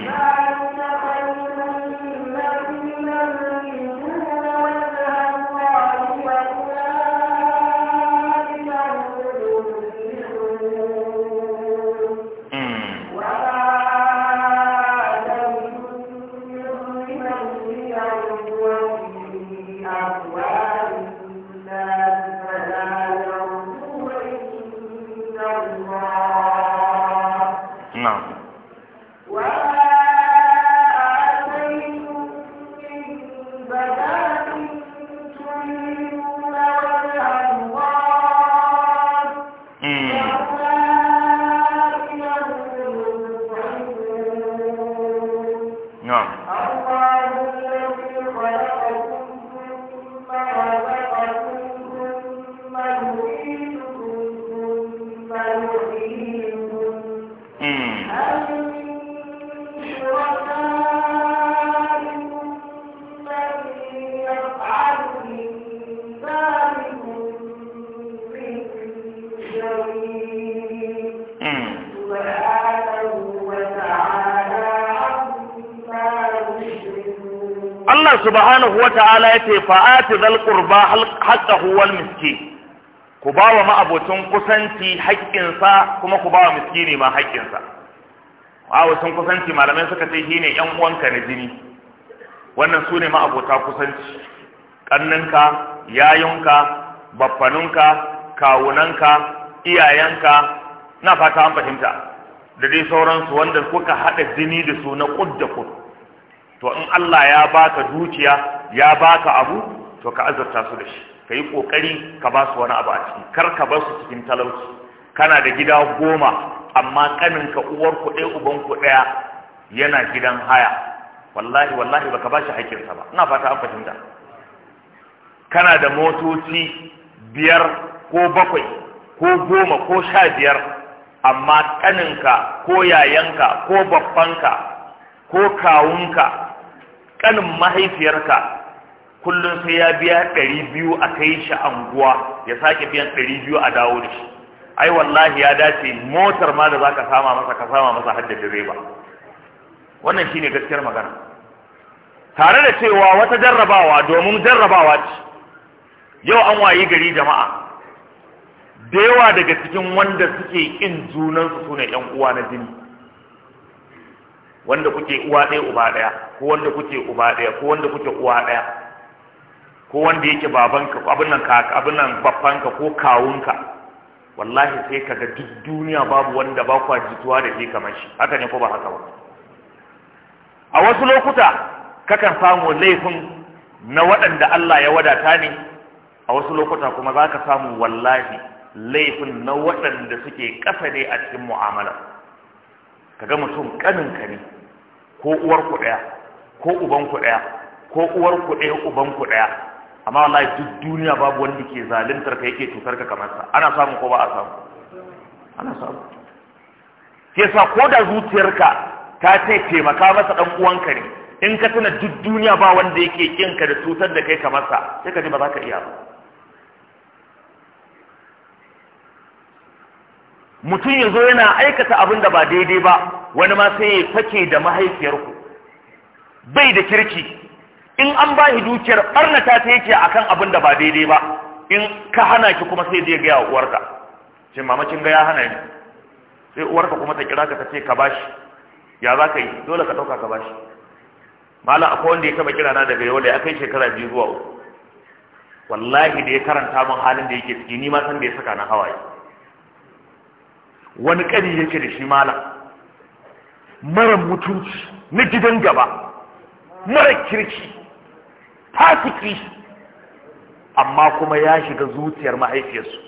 Allah subhanahu wata'ala yace fa'ati zal qurba haqqahu wal miskin ku ba wa ma'abocin kusanci haƙƙinsa kuma ku ba wa miskini ma haƙƙinsa ma'abocin kusanci malamai suka ce shi ne ‘yan uwanka na jini wannan su ne ma'abota kusanci ƙanninka yayunka baffaninka kawunanka iyayenka na fata an fahimta da dai sauransu wanda kuka haɗa jini da su na ƙud da to in Allah ya baka dukiya ya baka abu to ka azurta su da shi ka yi ƙoƙari ka ba su wani abu a ciki kar ka ba su cikin talauci kana da gida goma amma ka uwar ku ɗaya uban ku ɗaya yana gidan haya wallahi wallahi baka ba shi haƙƙinsa ba ina fata an fahimta kana da motoci biyar ko bakwai ko goma ko sha biyar amma kaninka ko yayanka ko babbanka ko kawunka kanin mahaifiyarka kullum sai ya biya ɗari biyu a kai shi anguwa ya sake biyan ɗari biyu a dawo da shi ai wallahi ya dace motar ma da za ka sama masa ka sama masa hadda direba wannan shi ne gaskiyar magana tare da cewa wata jarrabawa domin jarrabawa ce yau an wayi gari jama'a da yawa daga cikin wanda suke ƙin junansu su ne 'yan uwa na jini wanda kuke uwa ɗaya uba ɗaya ko wanda kuke uba ɗaya ko wanda kuke uwa ɗaya ko wanda yake babanka abin nan ka abin nan babbanka ko kawunka wallahi sai kaga duk duniya babu wanda ba kwa jituwa da shi kamar shi haka ne ko ba haka ba a wasu lokuta kakan samu laifin na waɗanda Allah ya wadata ne a wasu lokuta kuma za ka samu wallahi laifin na waɗanda suke ƙasa ne a cikin mu'amala kaga mutum ƙaninka ne ko uwar ku ɗaya ko uban ku ɗaya ko uwar ku ɗaya uban ku ɗaya amma wallahi duk duniya babu wanda ke zaluntar ka yake cutar ka kamar sa ana samu ko ba a samu ana samu ke sa ko da zuciyarka ta ce taimaka masa dan uwanka ne in ka tuna duk duniya ba wanda yake ka da cutar da kai kamar sa sai ka ji ba za ka iya ba mutum ya zo yana aikata abin da ba daidai ba wani ma sai ya fake da mahaifiyarku bai da kirki in an ba shi dukiyar barnata ta yake akan abin da ba daidai ba in ka hana ki kuma sai zai gaya wa uwarka Shin mama kin ga ya hana ni sai uwarka kuma ta kira ka ta ce ka bashi ya za ka yi dole ka ɗauka ka bashi malam akwai wanda ya taba kira na daga yau da ya kai shekara biyu zuwa uku wallahi da ya karanta min halin da yake ciki ni ma san da ya saka na hawaye wani kari yake da shi malam mara mutunci na gidan gaba mara kirki fasiki amma kuma ya shiga zuciyar mahaifiyarsu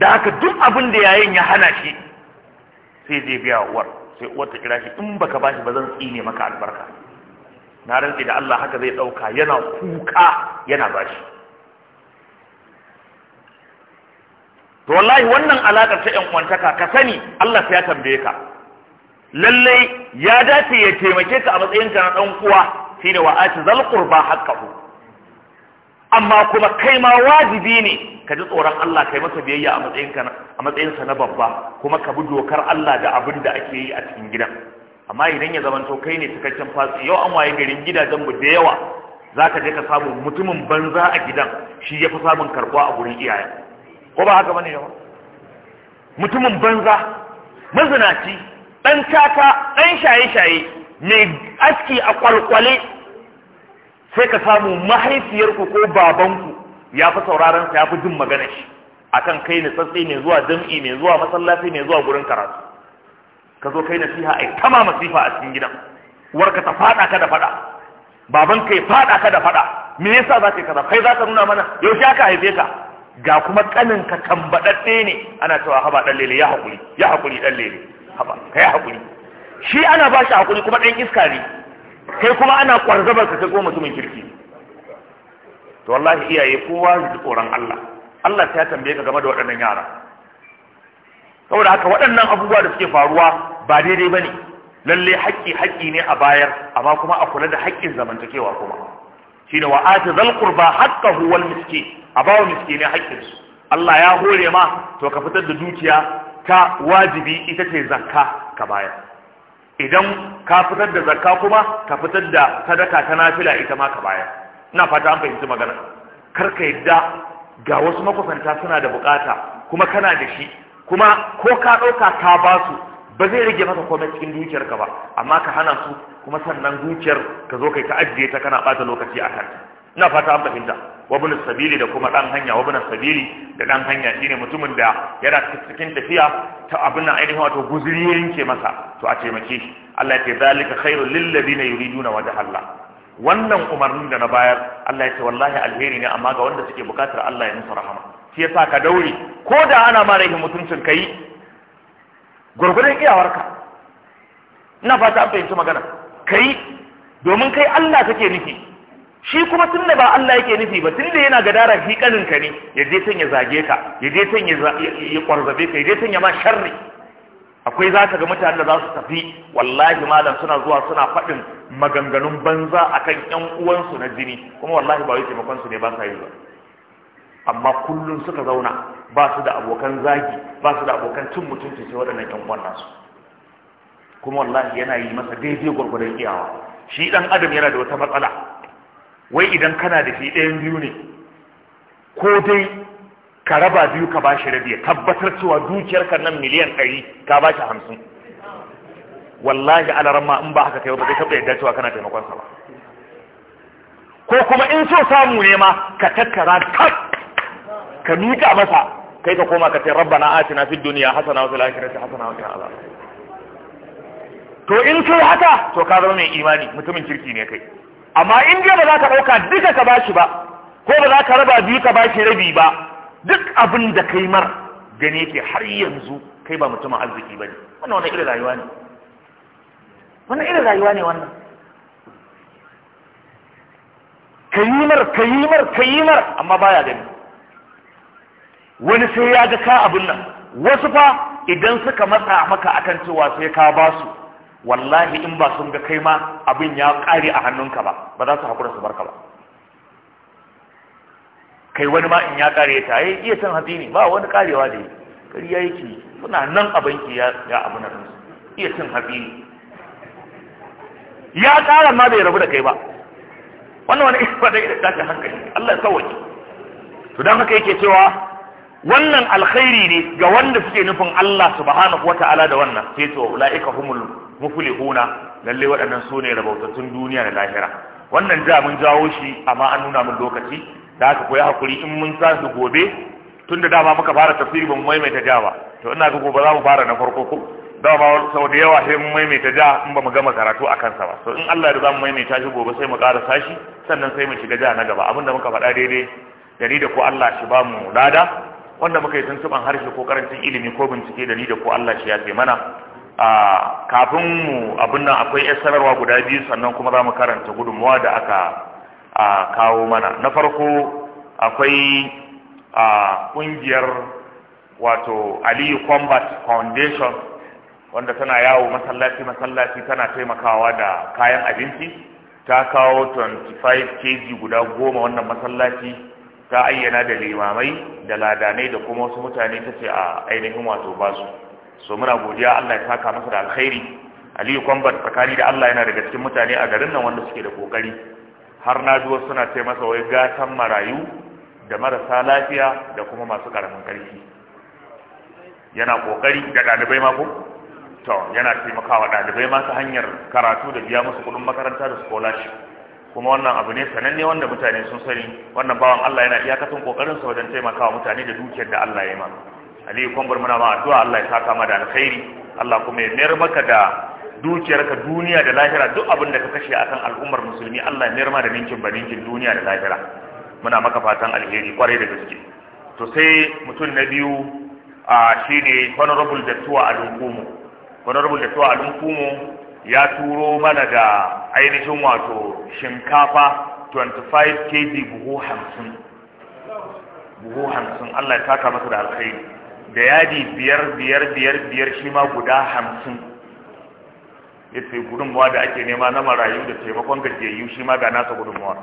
da haka duk abin da yayin ya hana shi sai zai biya uwar sai uwar ta kira shi in baka bashi ba zan tsine maka albarka na rantsi da Allah haka zai dauka yana kuka yana bashi to wallahi wannan alakar ta yan uwantaka ka sani Allah sai ya tambaye ka lallai ya dace ya taimake ka a matsayinka na ɗan uwa ne wa aci zal qurba haqqahu amma kuma kai ma wajibi ne ka ji tsoron Allah kai masa biyayya a matsayinsa na babba kuma ka bi dokar Allah da abin da ake yi a cikin gidan amma idan ya zamanto kai ne cikakken fasi. yau an waye garin gidajen mu da yawa zaka je ka samu mutumin banza a gidan shi ya yafi samun karbuwa a gurin iyaye. ko ba haka bane yawa mutumin banza mazinaci ɗan caca ɗan shaye-shaye mai aski a kwalkwale sai ka samu mahaifiyarku ko babanku ya fi sauraron sa ya fi jin magana shi akan kai na tsatsi mai zuwa jam'i mai zuwa masallaci mai zuwa gurin karatu ka zo kai nasiha ai kama masifa a cikin gidan warka ta fada ka da fada baban kai fada ka da fada me yasa za ka kaza kai za ka nuna mana yaushe aka haife ka ga kuma kanin ka tambadadde ne ana cewa haba dan lele ya hakuri ya hakuri dan lele haba kai hakuri shi ana ba shi hakuri kuma ɗan iska ne kai kuma ana kwarzabar ka ta goma mutumin kirki to wallahi iyaye kowa ji tsoron Allah Allah ta tambaye ka game da waɗannan yara saboda haka waɗannan abubuwa da suke faruwa ba daidai ba ne lalle haƙƙi haƙƙi ne a bayar amma kuma a kula da haƙƙin zamantakewa kuma shine wa ati zal qurba haqqahu wal miskin a bawa miskine haƙƙinsu Allah ya hore ma to ka fitar da dukiya ta wajibi ita ce zakka ka bayar idan ka fitar da zakka kuma ka fitar da sadaka ta nafila ita ma ka bayar ina fata an fahimci magana kar ka yadda ga wasu makusanta suna da bukata kuma kana da shi kuma ko ka ɗauka ka ba su ba zai rage maka komai cikin dukiyarka ba amma ka hana su kuma sannan dukiyar ka zo kai ta ajiye ta kana bata lokaci a kanta ina fata an fahimta wabin sabili da kuma dan hanya wabin sabili da dan hanya shine mutumin da yana cikin tafiya ta abin nan ainihin wato guzuri yake masa to a taimake shi Allah ya ce zalika khairul lil ladina yuriduna wajha Allah wannan umarnin da na bayar Allah ya ce wallahi alheri ne amma ga wanda suke bukatar Allah ya musu rahama shi yasa ka daure ko da ana ma rahin mutuncin kai gurgurdan iyawarka ina fata an fahimci magana kai domin kai Allah kake nufi shi kuma tun da ba Allah yake nufi ba tun da yana gadara shi kanin ka ne ya je can ya zage ka ya je can ya kwarzabe ka ya je can ya ma sharri akwai za ka ga mutanen da za su tafi wallahi malam suna zuwa suna faɗin maganganun banza akan ƴan uwansu na jini kuma wallahi ba wai taimakon su ne ba sa yi ba amma kullum suka zauna ba su da abokan zagi ba su da abokan cin mutunci sai waɗannan ƴan uwan nasu kuma wallahi yana yi masa daidai gwargwadon iyawa shi ɗan adam yana da wata matsala wai idan kana da shi ɗayan biyu ne ko dai ka raba biyu ka bashi rabi ya tabbatar cewa dukiyarka nan miliyan ɗari ka bashi hamsin wallahi ma in ba haka kai ba zai taɓa yadda cewa kana taimakon sa ba ko kuma in so samu ne ma ka tattara kak ka miƙa masa kai ka koma ka ce rabba rabbana atina fid dunya hasana wa fil akhirati hasana wa qina azab to in kai haka to ka zama mai imani mutumin kirki ne kai amma in dai ba za ka ɗauka duka ka bashi ba ko ba za ka raba biyu ka bashi rabi ba duk abin da kai mar gane ke har yanzu kai ba mutumin arziki ba ne wannan wani irin rayuwa ne wannan irin rayuwa ne wannan kayimar kayimar kayimar amma baya gani wani sai ya ga ka abin nan wasu fa idan suka matsa maka akan cewa sai ka ba su wallahi in ba sun ga kai ma abin ya ƙare a hannunka ba ba za su haƙura su barka ba kai wani ma in ya ƙare ta yi iya san hatsi ne ba wani ƙarewa da yi ƙarya yake suna nan a banki ya abu na su iya cin hatsi ne ya ƙara ma bai rabu da kai ba wannan wani ikpa da tashi hankali Allah ya sauwaƙe to don haka yake cewa wannan alkhairi ne ga wanda suke nufin Allah subhanahu wata'ala da wannan sai to la'ika humul muflihuna lalle waɗannan su ne rabautattun duniya da lahira wannan ja mun jawo shi amma an nuna mun lokaci da haka koyi hakuri in mun sa su gobe tunda dama muka fara tafsiri ba mu maimaita ja ba to ina ga gobe za mu fara na farko ko ba sau da yawa sai mun maimaita ja in ba mu gama karatu a kansa ba To in Allah ya za mu maimaita shi gobe sai mu ƙara sashi sannan sai mu shiga ja na gaba abinda muka faɗa daidai da ni da ko Allah shi ba mu lada wanda muka yi tuntuɓan harshe ko karancin ilimi ko bincike da ni da ko Allah shi ya ce mana a kafin mu abin nan akwai yar sanarwa guda biyu sannan kuma za mu karanta gudunmuwa da aka kawo mana na farko akwai a kungiyar wato aliyu combat foundation wanda tana yawo masallaci-masallaci tana taimakawa da kayan abinci ta kawo 25 kg guda goma wannan masallaci ta ayyana da limamai da ladanai da kuma wasu mutane ta ce a ainihin wato basu so muna godiya Allah ya saka masa da alkhairi Aliyu Kwambar tsakani da Allah yana daga cikin mutane a garin nan wanda suke da kokari har na ji wasu suna ce masa wai gatan marayu da marasa lafiya da kuma masu karamin karfi yana kokari da ɗalibai ma ko to yana taimakawa ɗalibai ma hanyar karatu da biya musu kuɗin makaranta da scholarship kuma wannan abu ne sananne wanda mutane sun sani wannan bawan Allah yana iyakacin kokarin sa wajen taimakawa mutane da dukiyar da Allah ya yi masa aliyu kwambar muna ma addu'a Allah ya saka ma da alkhairi Allah kuma ya mayar maka da dukiyarka duniya da lahira duk abin da ka kashe akan al'ummar musulmi Allah ya mayar ma da ninkin ba ninkin duniya da lahira muna maka fatan alheri kwarai da gaske to sai mutum na biyu a shine honorable dattuwa alhukumu honorable dattuwa alhukumu ya turo mana da ainihin wato shinkafa 25 kg buhu 50 buhu 50 Allah ya saka masa da alkhairi da yadi biyar biyar biyar biyar shi ma guda hamsin ya ce gudunmuwa da ake nema na marayu da taimakon gajiyayyu shi ma ga nasa gudunmuwa,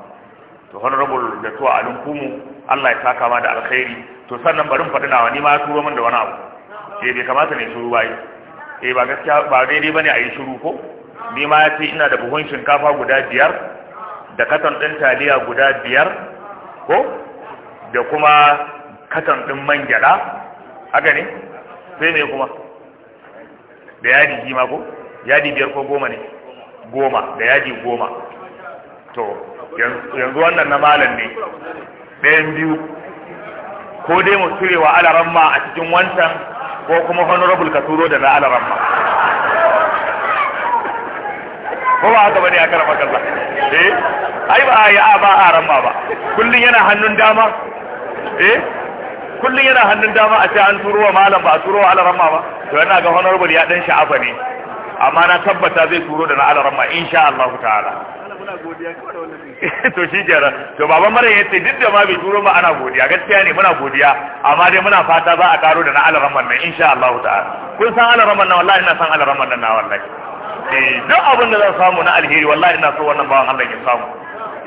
to honorable da tuwa a lunkumu allah ya taka ma da alkhairi to sannan barin faɗi nawa ni ma ya turo min da wani abu eh bai kamata ne shiru ba yi. eh ba gaskiya ba daidai ne a yi shiru ko ni ma ya ce ina da buhun shinkafa guda biyar da katon ɗin taliya guda biyar ko da kuma katon ɗin man gyaɗa haka ne sai me kuma da yadi ji ma ko yadi biyar ko goma ne goma da yadi goma to yanzu wannan na malam ne ɗayan biyu ko dai mu cire wa ma a cikin wancan ko kuma honorable ka turo da na ma ko ba haka bane a karfa kalla eh ai ba ya ba a ma ba kullun yana hannun dama eh kullum yana hannun dama a ce an turo wa malam ba a turo wa alarama ba to yana ga honorable ya dan sha'afa ne amma na tabbata zai turo da na alarama insha Allah ta'ala to shi kenan to baban mara ya ce duk da ma bai turo ba ana godiya gaskiya ne muna godiya amma dai muna fata za a karo da na alarama nan insha Allah ta'ala kun san alarama nan wallahi ina san alarama nan na wallahi eh duk abin da zan samu na alheri wallahi ina so wannan bawan Allah ya samu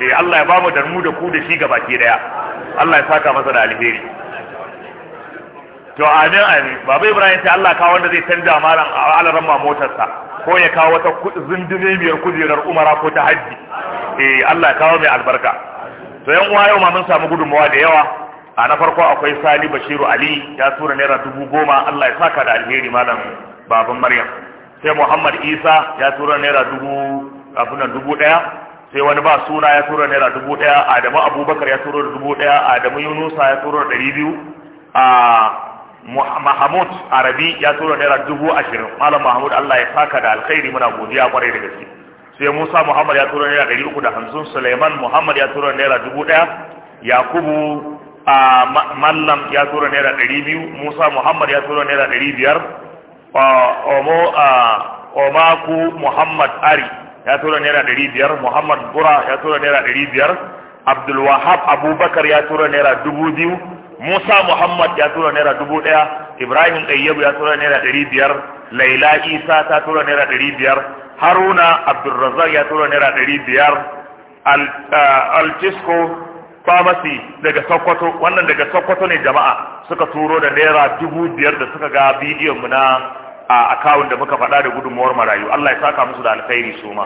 eh Allah ya bamu da da ku da shi gaba ki daya Allah ya saka masa da alheri to amin amin baba ibrahim ta Allah kawo wanda zai canja malam alaran ma motarsa ko ya kawo wata zindime biyar kujerar umara ko ta haji eh Allah kawo mai albarka to yan uwa yau ma mun samu gudunmawa da yawa a na farko akwai sani bashiru ali ya tura naira dubu goma Allah ya saka da alheri malam baban maryam sai muhammad isa ya tura naira dubu abuna dubu daya sai wani ba suna ya tura naira dubu daya adamu abubakar ya tura dubu daya adamu yunusa ya tura dari biyu a ah, Mahmud Arabi ya tura naira dubu ashirin Malam Mahamud Allah ya saka da alkhairi muna godiya kwarai da gaske sai Musa Muhammad ya tura naira ɗari uku da hamsin Suleiman Muhammad ya tura naira dubu ɗaya Yakubu a Mallam ya tura naira ɗari biyu Musa Muhammad ya tura naira ɗari biyar Omo a Omaku Muhammad Ari ya tura naira ɗari biyar Muhammad Bura ya tura naira ɗari biyar Abdul Abubakar ya tura naira dubu biyu musa muhammad ya tura naira dubu ɗaya ibrahim ɗayyabu ya tura naira ɗari biyar laila isa ta tura naira ɗari biyar haruna abdulrazak ya tura naira ɗari biyar alcisco uh, pharmacy daga sokoto wannan daga sokoto ne jama'a suka turo da naira dubu biyar da suka ga bidiyon mu na a akawun da muka faɗa da gudunmuwar marayu allah ya saka musu da alkhairi su ma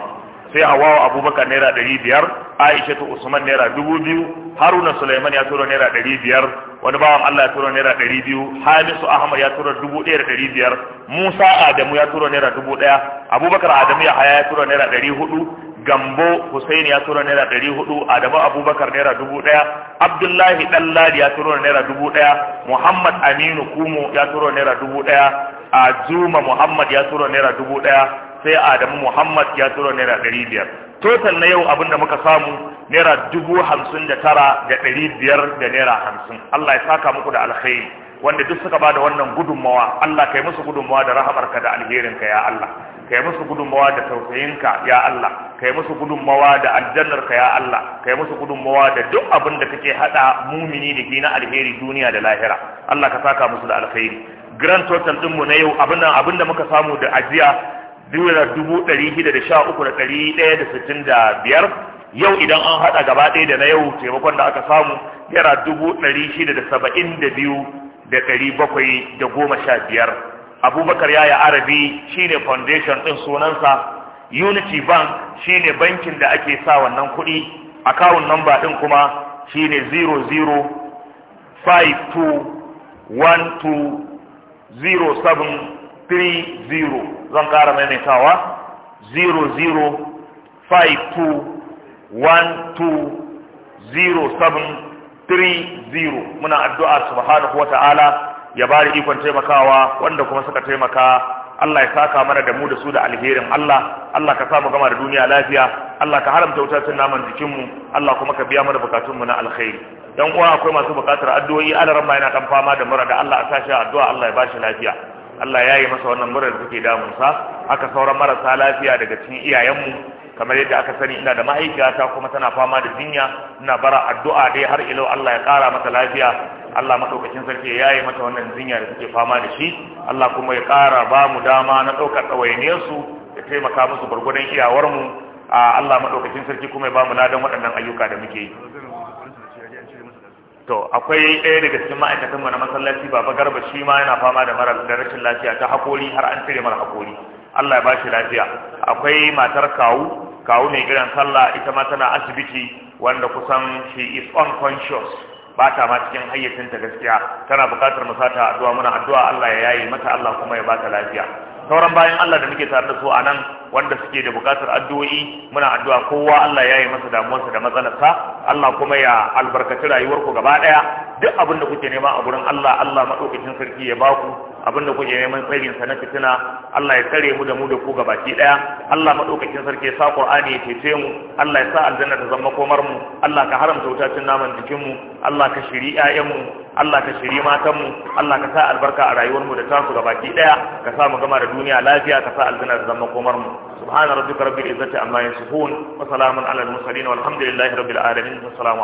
sai hawawa abubakar naira ɗari biyar aisha usman naira dubu biyu haruna suleiman ya tura naira ɗari biyar wani bawan Allah ya tura naira ɗari biyu Hamisu Ahmad ya tura dubu ɗaya da ɗari biyar Musa Adamu ya tura naira dubu ɗaya Abubakar Adamu ya haya ya tura naira ɗari hudu Gambo Hussein ya tura naira ɗari hudu Adamu Abubakar naira dubu ɗaya Abdullahi Ɗanladi ya tura naira dubu ɗaya Muhammad Aminu Kumo ya tura naira dubu ɗaya Azuma Muhammad ya tura naira dubu ɗaya sai adamu muhammad ya tura naira ɗari biyar total na yau abin da muka samu naira dubu hamsin da tara da ɗari biyar da naira hamsin allah ya saka muku da alkhairi wanda duk suka bada wannan gudunmawa allah kai musu gudunmawa da rahamarka da alherinka ya allah kai musu gudunmawa da tausayinka ya Allah kai musu gudunmawa da aljannarka ya Allah kai musu gudunmawa da duk abin da kake hada mumini da na alheri duniya da lahira Allah ka saka musu da alkhairi grand total din mu na yau abin da muka samu da ajiya dira dubu ɗari shida da sha uku da ɗari ɗaya da sittin da biyar yau idan an haɗa gaba ɗaya da na yau taimakon da aka samu yara dubu ɗari shida da saba'in da biyu da ɗari bakwai da goma sha biyar abubakar yaya arabi shine foundation ɗin sunansa unity bank shine bankin da ake sa wannan kuɗi akawun namba ɗin kuma shine 00 52 12 07 30 zan ƙara maimaitawa 0052120730 muna addu'a subhanahu wa ta'ala ya bari ikon taimakawa wanda kuma suka taimaka Allah ya saka mana da mu da su da alherin Allah Allah ka samu gama da duniya lafiya Allah ka haramta wutar cin naman jikinmu Allah kuma ka biya mana bukatunmu na alkhairi dan uwa akwai masu bukatar addu'o'i alaran ma yana dan fama da mura da Allah a sashi addu'a Allah ya ba shi lafiya Allah ya yi masa wannan murar da take damunsa aka sauran marasa lafiya daga cikin iyayenmu kamar yadda aka sani ina da mahaifiyata kuma tana fama da jinya ina bara addu'a dai har ilau Allah ya ƙara mata lafiya Allah madaukakin sarki ya yi mata wannan jinya da suke fama da shi Allah kuma ya ƙara ba mu dama na ɗaukar ɗawainiyar su da taimaka musu gwargwadon iyawarmu a Allah madaukakin sarki kuma ya ba mu ladan waɗannan ayyuka da muke yi to akwai ɗaya daga cikin ma'aikatan mu na masallaci baba garba shi ma yana fama da mara da rashin lafiya ta hakori har an cire mara hakori Allah ya ba shi lafiya akwai matar kawu kawu mai gidan sallah ita ma tana asibiti wanda kusan she is unconscious ba ta ma cikin hayyacinta gaskiya tana buƙatar mu sata addu'a muna addu'a Allah ya yayi mata Allah kuma ya ba ta lafiya sauran bayan Allah da muke tare da su a nan wanda suke da bukatar addu'o'i muna addu'a kowa Allah ya yi masa damuwarsa da matsalarsa Allah kuma ya albarkaci rayuwarku gaba daya duk abin da kuke nema a gurin Allah Allah madaukakin sarki ya baku abin da kuke neman tsarin sa na fitina Allah ya tare mu da mu da ku gabaki daya Allah madaukakin sarki ya sa Qur'ani ya cece mu Allah ya sa aljanna ta zama komar mu Allah ka haramta wutacin naman jikin mu Allah ka shiri 'ya'yan mu Allah ka shiri matanmu Allah ka sa albarka a rayuwarmu da tasu baki daya ka sa mu gama da duniya lafiya ka sa aljanna da zama komar mu subhana rabbika rabbil izzati amma yasifun wa salamun alal mursalin walhamdulillahi rabbil alamin assalamu